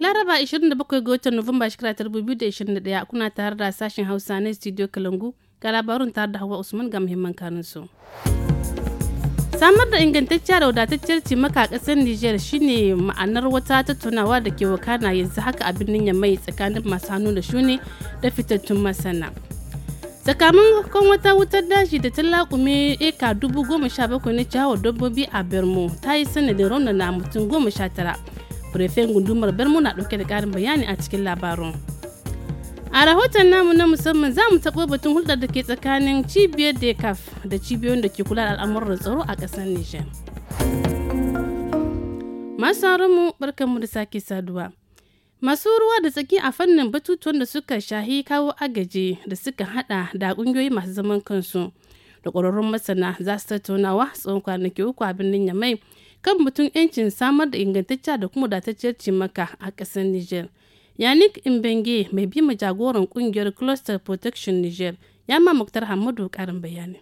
Laraba 27 ga watan Nuwamba shekara 2021 kuna tare da sashen Hausa na Studio Kalangu ga labarin tare da Hawa Usman ga muhimman kanunsu. Samar da ingantacciya da wadataccen cimaka a ƙasar Nijar shine ma'anar wata tattaunawa da ke wakana yanzu haka a birnin Yamai tsakanin masu hannu da shuni da fitattun masana. tsakamakon wata wutar daji da ta lakume eka dubu goma sha bakwai na ciyawar dabbobi a bermo ta yi sanadin na mutum goma sha tara prefen gundumar bermo na dauke da karin bayani a cikin labarin a rahoton namu na musamman za mu taɓo batun hulɗar da ke tsakanin cibiyar decaf da cibiyoyin da ke kula da al'amuran tsaro a ƙasar nijar masu mu barkanmu da sake saduwa masu ruwa da tsaki a fannin batutuwan da suka shahi kawo agaji da suka hada da kungiyoyi masu zaman kansu da ƙwararrun masana za su tattaunawa tsawon kwanaki uku a birnin yamai kan mutum 'yancin samar da ingantacciya da kuma datacciyar cimaka a ƙasar niger yannick mbenge mai bi jagoran ƙungiyar cluster protection niger ya ma muktar hamadu ƙarin bayani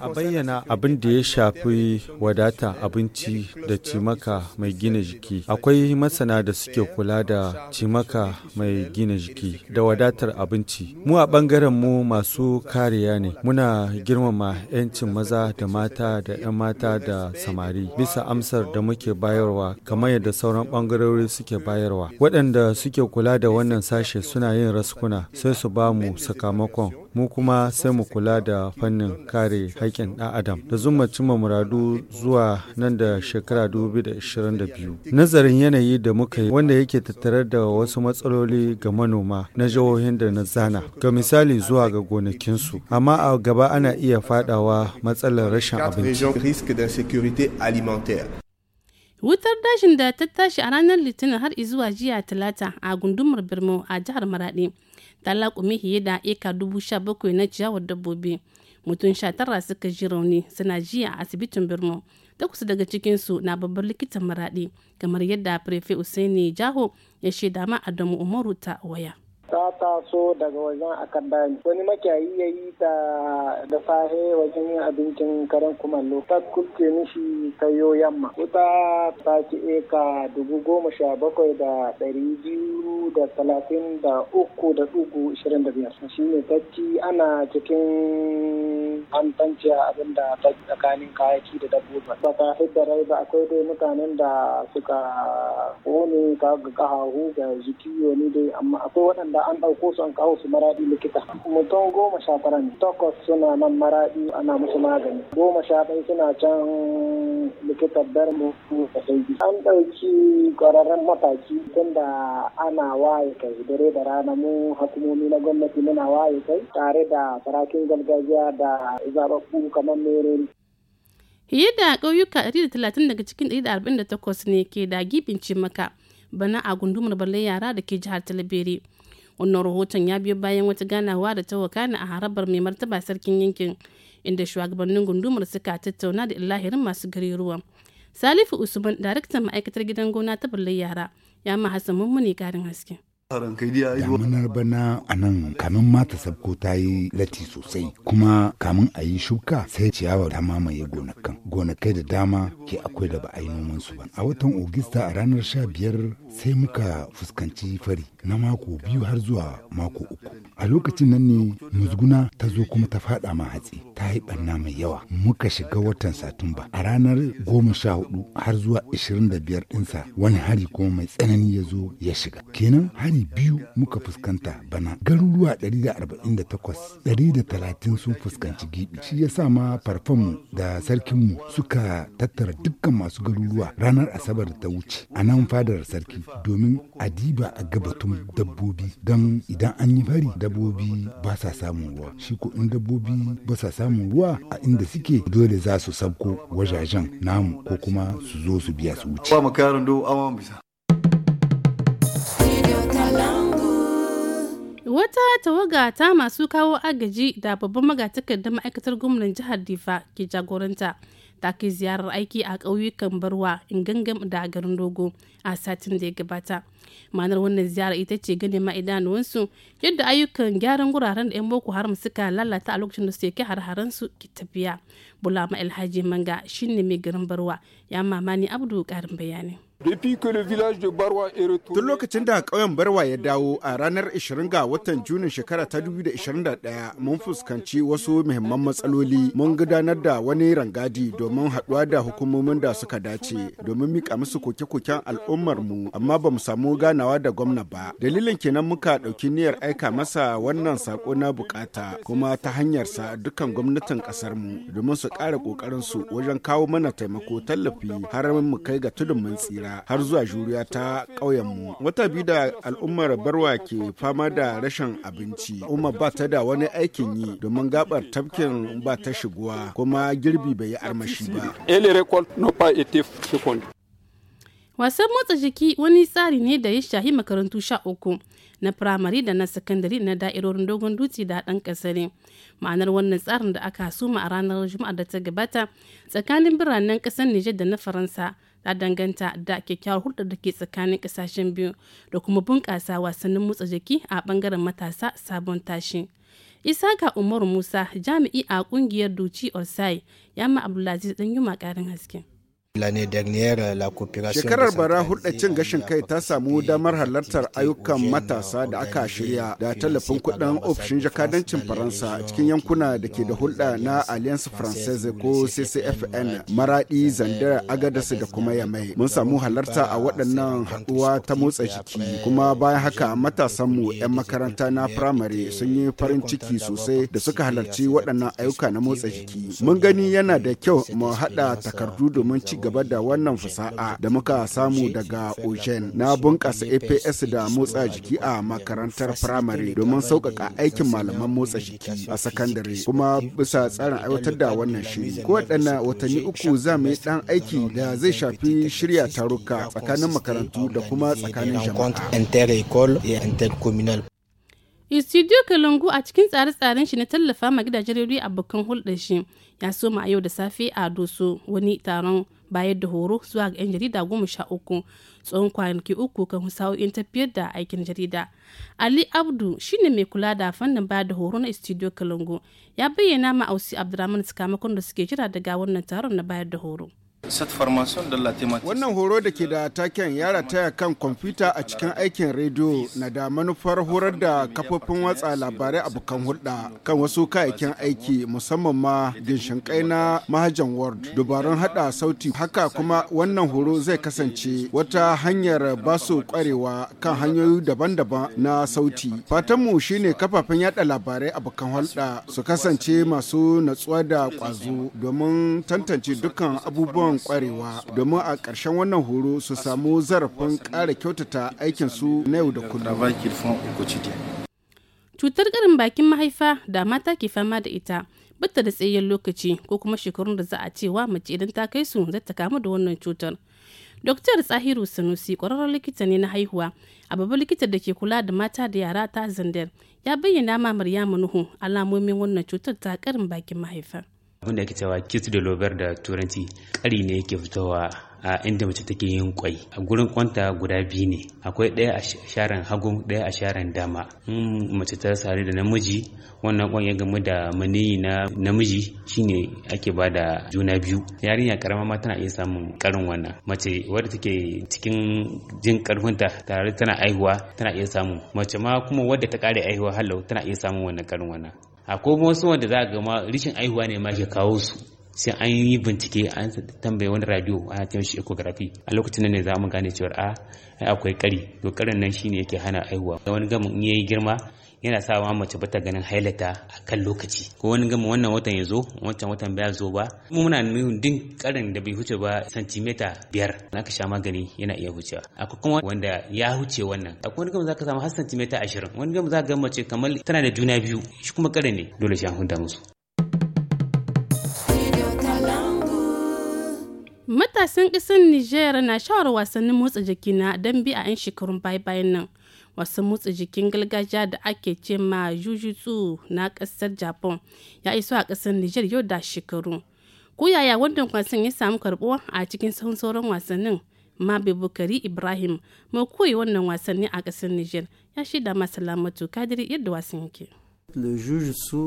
A bayyana abin da ya shafi wadata abinci da cimaka mai gina jiki. Akwai masana da suke kula da cimaka mai gina jiki da wadatar abinci. Mu a ɓangaren mu masu kariya ne. Muna girmama 'yancin maza da mata da 'yan mata da samari bisa amsar da muke bayarwa kamar yadda sauran ɓangarori suke bayarwa. Waɗanda suke kula da wannan sashe suna yin raskuna sai su ba mu sakamakon mu kuma sai mu kula da fannin kare haƙƙin ɗan adam da zuma cimma muradu zuwa nan da shekara 2022 nazarin yanayi da muka yi wanda yake tattare da wasu matsaloli ga manoma na jihohin da na zana ga misali zuwa ga gonakinsu amma a gaba ana iya fadawa matsalar rashin abinci wutar dashin da ta tashi a ranar litinin har izuwa jiya talata a gundumar birmo a jihar maradi tala kumi hiye da eka dubu sha bakwai na ciyawar dabbobi mutum sha tara suka ji rauni suna jiya a asibitin birnin takwas daga cikinsu na babbar likitan maraɗi kamar yadda prefe usaini jaho ya shaida ma adamu umaru ta waya ta taso daga wajen akadani wani makiyayi ya yi ta da safe wajen yin abincin karen kumallo ta kulke mishi ta yo yamma wuta ta ci eka dubu goma sha bakwai da ɗari biyu da talatin da uku da dugu ishirin da biyar shi ne ta ci ana cikin an abin da ta tsakanin kayaki da dabbobi ba ta da rai ba akwai dai mutanen da suka kone ka ga kahahu ga jiki wani dai amma akwai waɗanda da an ɗauko su an kawo su maraɗi likita mutum goma sha tara ne takwas suna nan maraɗi ana musu magani goma sha ɗaya suna can likita darmu da sauki an ɗauki ƙwararren mataki tunda ana waye kai dare da rana mu hukumomi na gwamnati muna waye kai tare da sarakin gargajiya da zaɓaɓɓu kamar mere fiye da ƙauyuka 130 daga cikin 148 ne ke da gibin cimaka bana a gundumar balle yara da ke jihar talabere wannan rahoton ya biyo bayan wata ganawa da ta wakana a harabar mai martaba sarkin yankin inda shugabannin gundumar suka tattauna da illahirin masu gari ruwa salifu usman daraktan ma'aikatar gidan gona ta birnin yara ya ma hassan mummuni karin hasken Damunar bana a nan kamin mata sabko ta yi lati sosai kuma kamin a yi shuka sai ciyawa ta mamaye gonakan. Gonakai da dama ke akwai da ba a yi noman su ba. A watan Ogista a ranar sha biyar sai muka fuskanci fari na mako biyu har zuwa mako uku. A lokacin nan ne musguna ta zo kuma ta faɗa ma hatsi. ta yi ɓanna mai yawa muka shiga watan satumba a ranar goma sha hudu har zuwa ashirin da biyar ɗinsa wani hari kuma mai tsanani ya zo ya shiga kenan hari biyu muka fuskanta bana garuruwa ɗari da arba'in da takwas ɗari da talatin sun fuskanci gibi shi ya sa ma farfanmu da sarkinmu suka tattara dukkan masu garuruwa ranar asabar ta wuce a nan fadar sarki domin a diba a gabatun dabbobi don idan an yi fari dabbobi ba sa samun ruwa shi ko in dabbobi ba sa samun samun ruwa a inda suke dole za su sabko wajajen namu ko kuma su zo su biya su wuce. Wata tawaga ta masu kawo agaji da babban magatakardar ma'aikatar gwamnan jihar Difa ke jagoranta ta kai ziyarar aiki a ƙauyukan Barwa, Ingangam da garin Dogo a satin da ya gabata. Manar wannan ziyara ita ce gane ma idanuwansu yadda ayyukan gyaran guraren da 'yan boko haram suka lalata a lokacin da suke kai har su ki tafiya bulama alhaji manga shine mai garin barwa ya mamani abdu karin bayani Tun lokacin da ƙauyen Barwa ya dawo a ranar 20 ga watan Junin shekara ta 2021 mun fuskanci wasu muhimman matsaloli mun gudanar da wani rangadi domin haɗuwa da hukumomin da suka dace domin mika musu koke-koken al'ummar mu amma ba mu samu ganawa da gwamna ba. Dalilin kenan muka ɗauki niyyar aika masa wannan saƙo na bukata kuma ta hanyarsa dukkan gwamnatin ƙasarmu mu domin su ƙara ƙoƙarin su wajen kawo mana taimako tallafi har mu kai ga tudun mun tsira. har zuwa juriya ta mu. Wata biyu da al'ummar barwa ke fama da rashin abinci. umma ba ta da wani aikin yi domin gabar tafkin ba ta shigowa kuma girbi bai yi armashi ba. Wasan motsa jiki wani tsari ne da ya shahi makarantu sha uku na firamare da na sakandare na da'irorin dogon dutse da haɗin ƙasa ne. Ma'anar wannan tsarin da aka suma a ranar juma'a da ta gabata tsakanin biranen ƙasar Nijar da na Faransa ta danganta da kyakkyawar hulɗar da ke tsakanin ƙasashen biyu da kuma bunƙasa wasannin motsa jiki a ɓangaren matasa sabon tashi. Isaka Umaru Musa jami'i a ƙungiyar Duci Osai ya ma Abdulaziz ɗan yi ƙarin haske. Shekarar bara hulɗar cin gashin kai ta samu damar halartar ayyukan matasa da aka shirya da tallafin kuɗin ofishin jakadancin Faransa cikin yankuna da ke da hulɗa na Alliance Française ko CCFN Maraɗi, Zandar, Agadas da kuma Yamai. Mun samu halarta a waɗannan haɗuwa ta motsa jiki kuma bayan haka matasanmu 'yan makaranta na firamare sun yi farin ciki sosai da suka halarci waɗannan ayyuka na motsa jiki. Mun gani yana da kyau mu haɗa takardu domin ci gaba da wannan fasaha da muka samu daga ocean na bunkasa aps da motsa jiki a makarantar firamare domin sauƙaƙa aikin malaman motsa jiki a sakandare kuma bisa tsarin aiwatar da wannan shiri kowaɗanne watanni uku za mu yi ɗan aiki da zai shafi shirya taruka tsakanin makarantu da kuma tsakanin jama'a studio kalangu a cikin tsare-tsaren shi na tallafa ma gidajen rediyo abokan hulɗar shi ya soma a yau da safe a doso wani taron bayar da horo zuwa ga 'yan jarida goma sha uku tsohon kwanaki uku kan husawo'in tafiyar da aikin jarida ali abdu shine mai kula da fannin bayar da horo na studio kalangu ya bayyana ma ausi abdulrahman sakamakon da suke jira daga wannan taron na bayar da horo Wannan horo da ke da taken yara taya kan kwamfuta a cikin aikin rediyo na da manufar horar da kafofin watsa labarai a abokan hulɗa kan wasu kayayyakin aiki musamman ma ginshinkai na mahajan Word dubarun haɗa sauti haka kuma wannan horo zai kasance wata hanyar ba su kwarewa kan hanyoyi daban-daban na sauti. Fatanmu shine kafafen yada labarai a abokan hulɗa su kasance masu natsuwa da ƙwazo domin tantance dukkan abubuwan kwarewa domin a ƙarshen wannan horo su samu zarafin ƙara kyautata aikinsu na yau da kullum. Cutar karin bakin mahaifa da mata ke fama da ita bata da tsayayyen lokaci ko kuma shekarun da za a cewa mace idan ta kai su zata kamu da wannan cutar. Dr. Tsahiru Sanusi kwararren likita ne na haihuwa a babban likita da ke kula da mata da yara ta Zandar ya bayyana ma Maryamu Nuhu alamomin wannan cutar ta karin bakin mahaifa. abin da ake cewa kit da lover da turanci kari ne yake fitowa a inda mace take yin kwai a gurin kwanta guda biyu ne akwai ɗaya a sharan hagu ɗaya a sharan dama in mace ta sare da namiji wannan kwan ya gamu da maniyi na namiji shine ake ba da juna biyu yarinya karama ma tana iya samun karin wannan mace wadda take cikin jin karfinta tare tana aihuwa tana iya samun mace ma kuma wadda ta kare aihuwa halau tana iya samun wannan karin wannan akwai wasu wanda za ga ma rishin aihuwa ne ma ke kawo su sai an yi bincike an tambaye wani radio ana ce shi ecography a lokacin ne za mu gane cewa a ah, akwai kari to karin nan shine yake hana aihuwa wani gamin in yayi girma yana sa wa mace bata ganin hailata a kan lokaci ko wani gama wannan watan ya zo wancan watan bai zo ba mu muna nuna din karin da bai huce ba santimeta biyar na ka sha magani yana iya hucewa akwai kuma wanda ya huce wannan akwai wani gama za ka samu har santimeta ashirin wani gama za ka ga mace kamar tana da juna biyu shi kuma karin ne dole shi an musu Matasan ƙasar Nijar na shawar wasannin motsa jiki na dambe a 'yan shekarun baya-bayan nan. wasan motsa jikin gargajiya da ake ce ma jujutsu na kasar japan ya iso a kasar niger yau da shekaru ko yaya wannan wasan ya samu karbuwa a cikin sahun sauran wasannin mabe bukari ibrahim mai koyi wannan wasanni a kasar niger ya shida masalamatu kadiri yadda wasan yake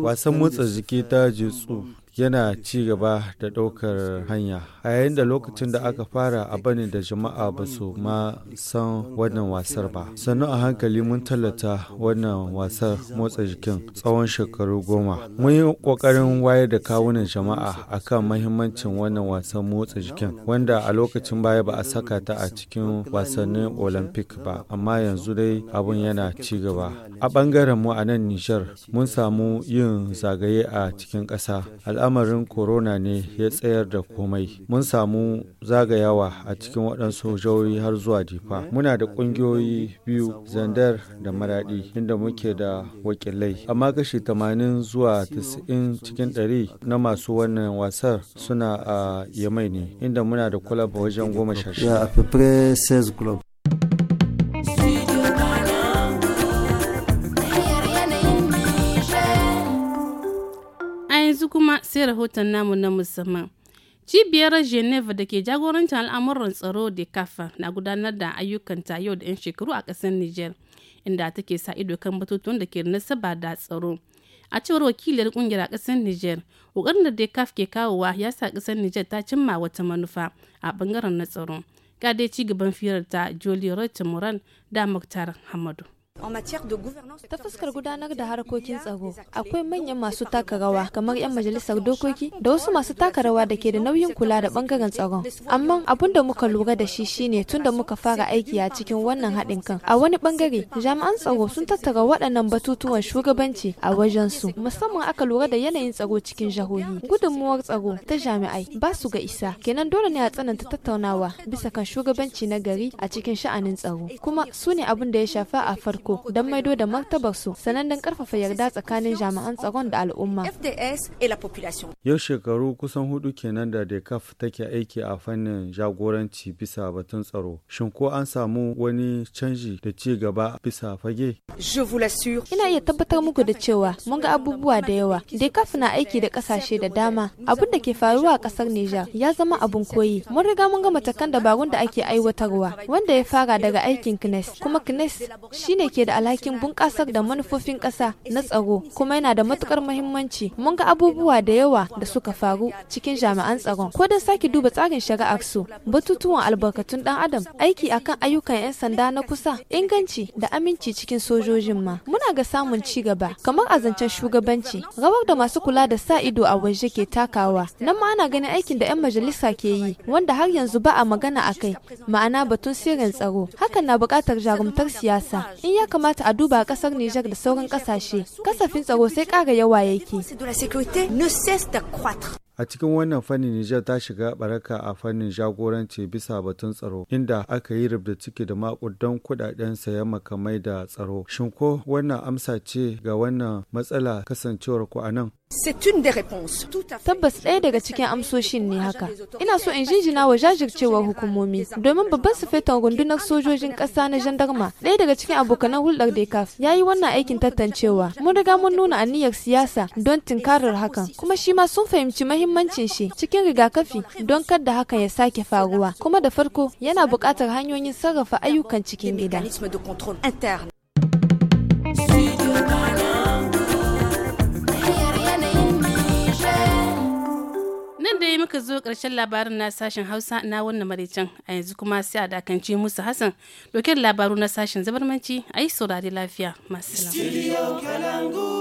wasan motsa jiki ta jitsu yana ci gaba da ɗaukar hanya a yayin da lokacin da aka fara a bani da jama'a ba su ma san wannan wasar ba sannu a hankali mun tallata wannan wasar motsa jikin tsawon shekaru goma mun yi ƙoƙarin wayar da kawunan jama'a akan mahimmancin wannan wasan motsa jikin wanda a lokacin baya ba a saka ta a cikin wasannin olympic ba amma yanzu dai abun yana ci gaba a ɓangaren mu a nan nijar mun samu yin zagaye a cikin ƙasa al'amarin corona ne ya tsayar da komai mun samu zagayawa a cikin waɗansu jihohi har zuwa jifa muna da ƙungiyoyi biyu zandar da maraɗi inda muke da wakilai amma kashi 80 zuwa 90 cikin 100 na masu wannan wasar suna a yamai ne inda muna da kulaba wajen goma sha shida sai rahoton namu na musamman. Cibiyar Geneva da ke jagorancin al'amuran tsaro da kafa na gudanar da ayyukanta yau da 'yan shekaru a ƙasar Nijar, inda take sa ido kan batutuwan da ke nasaba da tsaro. A cewar wakiliyar kungiyar a ƙasar Nijar, ƙoƙarin da DECAF ke kawowa ya sa ƙasar Nijar ta cimma wata manufa a ɓangaren na tsaro. Ga dai ci gaban firar ta Rotten Moran da Muktar Hamadu. Ta fuskar gudanar da harkokin tsaro, akwai manyan masu taka rawa kamar 'yan majalisar dokoki da wasu masu taka rawa da ke da nauyin kula da bangaren tsaro Amma abin da muka lura da shi shine tun da muka fara aiki a cikin wannan haɗin kan. A wani bangare, jami'an tsaro sun tattara waɗannan batutuwan shugabanci a wajen su, musamman aka lura da yanayin tsaro cikin jihohi. Gudunmuwar tsaro ta jami'ai ba su ga isa, kenan dole ne a tsananta tattaunawa bisa kan shugabanci na gari a cikin sha'anin tsaro. Kuma su ne abin da ya shafa a farko. don maido da martabarsu sannan don karfafa yarda tsakanin jami'an tsaron da al'umma. Yau shekaru kusan hudu kenan da DECAF take aiki a fannin jagoranci bisa batun tsaro. Shin ko an samu wani canji da ci gaba bisa fage? Ina iya tabbatar muku da cewa mun ga abubuwa da yawa. DECAF na aiki da kasashe da dama. Abin da ke faruwa a kasar Nijar ya zama abun koyi. Mun riga mun ga matakan dabarun da ake aiwatarwa wanda ya fara daga aikin kines kuma kines shine ke da alhakin bunƙasar da manufofin ƙasa na tsaro kuma yana da matukar muhimmanci mun ga abubuwa da yawa da suka faru cikin jami'an tsaron ko don sake duba tsarin shari'ar su batutuwan albarkatun dan adam aiki akan ayyukan 'yan sanda na kusa inganci da aminci cikin sojojin ma muna ga samun ci gaba kamar a zancen shugabanci rawar da masu kula da sa ido a waje ke takawa nan ma ana ganin aikin da 'yan majalisa ke yi wanda har yanzu ba a magana a kai ma'ana batun sirrin tsaro hakan na buƙatar jarumtar siyasa in ya kamata a duba kasar Nijar da sauran kasashe kasafin tsaro sai ƙara yawa yake. A cikin wannan fannin Nijar ta shiga baraka a fannin jagoranci bisa batun tsaro inda aka yi rubda ciki da makudan kudaden sayan makamai da tsaro. shinko wannan amsa ce ga wannan matsala kasancewar ku a nan? Tabbas ɗaya daga cikin amsoshin ne haka. Ina so in jinjina wa jajircewar hukumomi domin babban sufetan rundunar sojojin ƙasa na jandarma ɗaya daga cikin abokanan hulɗar da ya yi wannan aikin tantancewa. Mun riga mun nuna aniyar siyasa don tinkarar hakan kuma shi ma sun fahimci mahimmanci muhimmancin shi cikin rigakafi don kada haka ya sake faruwa kuma da farko yana buƙatar hanyoyin sarrafa ayyukan cikin gida. nan da ya muka zo karshen labarin na sashen hausa na wannan maraicin a yanzu kuma sai a dakance musa hassan dokin labaru na sashen zabarmanci a yi saurari lafiya masu